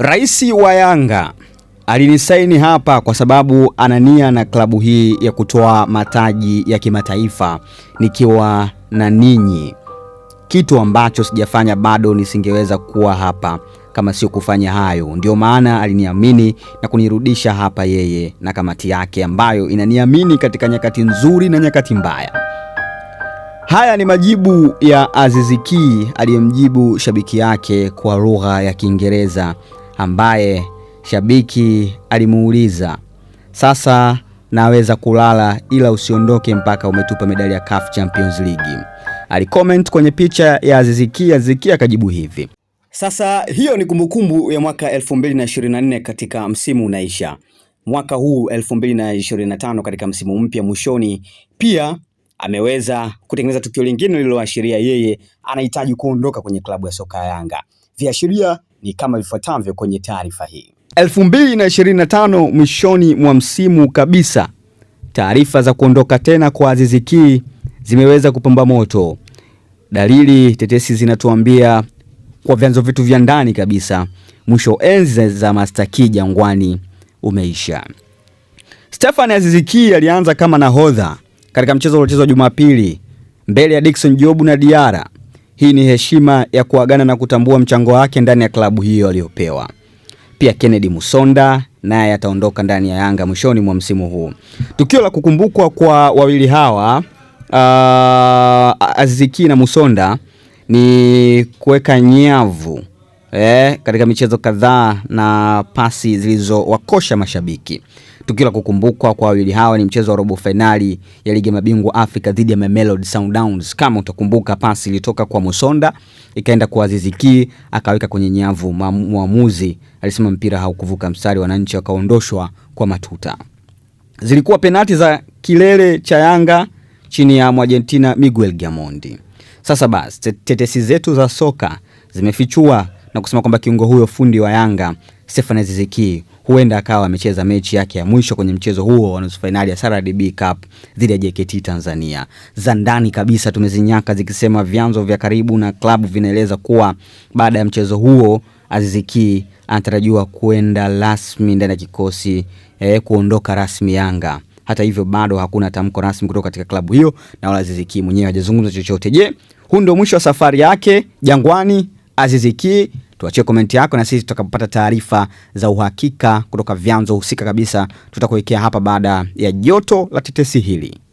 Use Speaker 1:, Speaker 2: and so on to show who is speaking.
Speaker 1: Rais wa Yanga alinisaini hapa kwa sababu anania na klabu hii ya kutoa mataji ya kimataifa nikiwa na ninyi, kitu ambacho sijafanya bado. Nisingeweza kuwa hapa kama sio kufanya hayo. Ndio maana aliniamini na kunirudisha hapa, yeye na kamati yake ambayo inaniamini katika nyakati nzuri na nyakati mbaya. Haya ni majibu ya azizikii aliyemjibu shabiki yake kwa lugha ya Kiingereza ambaye shabiki alimuuliza, sasa naweza kulala ila usiondoke mpaka umetupa medali ya CAF Champions League. Alicomment kwenye picha ya Aziz Ki, akajibu hivi.
Speaker 2: Sasa hiyo ni kumbukumbu ya mwaka 2024 katika msimu unaisha. Mwaka huu 2025 katika msimu mpya mwishoni, pia ameweza kutengeneza tukio lingine lililoashiria yeye anahitaji kuondoka kwenye klabu ya soka ya Yanga. Viashiria ni kama vifuatavyo kwenye taarifa hii.
Speaker 1: 2025 mwishoni mwa msimu kabisa, taarifa za kuondoka tena kwa Azizi Ki zimeweza kupamba moto. Dalili tetesi zinatuambia kwa vyanzo vitu vya ndani kabisa, mwisho enzi za Master Ki Jangwani umeisha. Stefan Azizi Ki alianza kama nahodha katika mchezo uliochezwa Jumapili mbele ya Dickson Jobu na Diara hii ni heshima ya kuagana na kutambua mchango wake ndani ya klabu hiyo aliyopewa. Pia Kennedy Musonda naye ataondoka ndani ya Yanga mwishoni mwa msimu huu. Tukio la kukumbukwa kwa wawili hawa uh, ah, Aziki na Musonda ni kuweka nyavu eh, katika michezo kadhaa na pasi zilizowakosha mashabiki. Tukio la kukumbukwa kwa wawili hawa ni mchezo wa robo fainali ya ligi ya mabingwa Afrika dhidi ya Mamelodi Sundowns. Kama utakumbuka, pasi ilitoka kwa Musonda ikaenda kwa Aziziki akaweka kwenye nyavu. Mwamuzi alisema mpira haukuvuka mstari, wananchi wakaondoshwa kwa matuta. Zilikuwa penalti za kilele cha Yanga chini ya Mwargentina Miguel Gamondi. Sasa basi, tetesi zetu za soka zimefichua na kusema kwamba kiungo huyo fundi wa Yanga Stephane Aziz Ki huenda akawa amecheza mechi yake ya mwisho kwenye mchezo huo wa nusu fainali ya CRDB Cup dhidi ya JKT Tanzania. Za ndani kabisa tumezinyaka zikisema vyanzo vya karibu na klabu vinaeleza kuwa baada ya mchezo huo Aziz Ki anatarajiwa kuenda rasmi ndani ya kikosi eh, kuondoka rasmi Yanga. Hata hivyo bado hakuna tamko rasmi kutoka katika klabu hiyo na wala Aziz Ki mwenyewe hajazungumza chochote. Je, huu ndio mwisho wa safari yake Jangwani? azizikii Tuachie komenti yako, na sisi tutakapopata taarifa za uhakika kutoka vyanzo husika kabisa, tutakuwekea hapa baada ya joto la tetesi hili.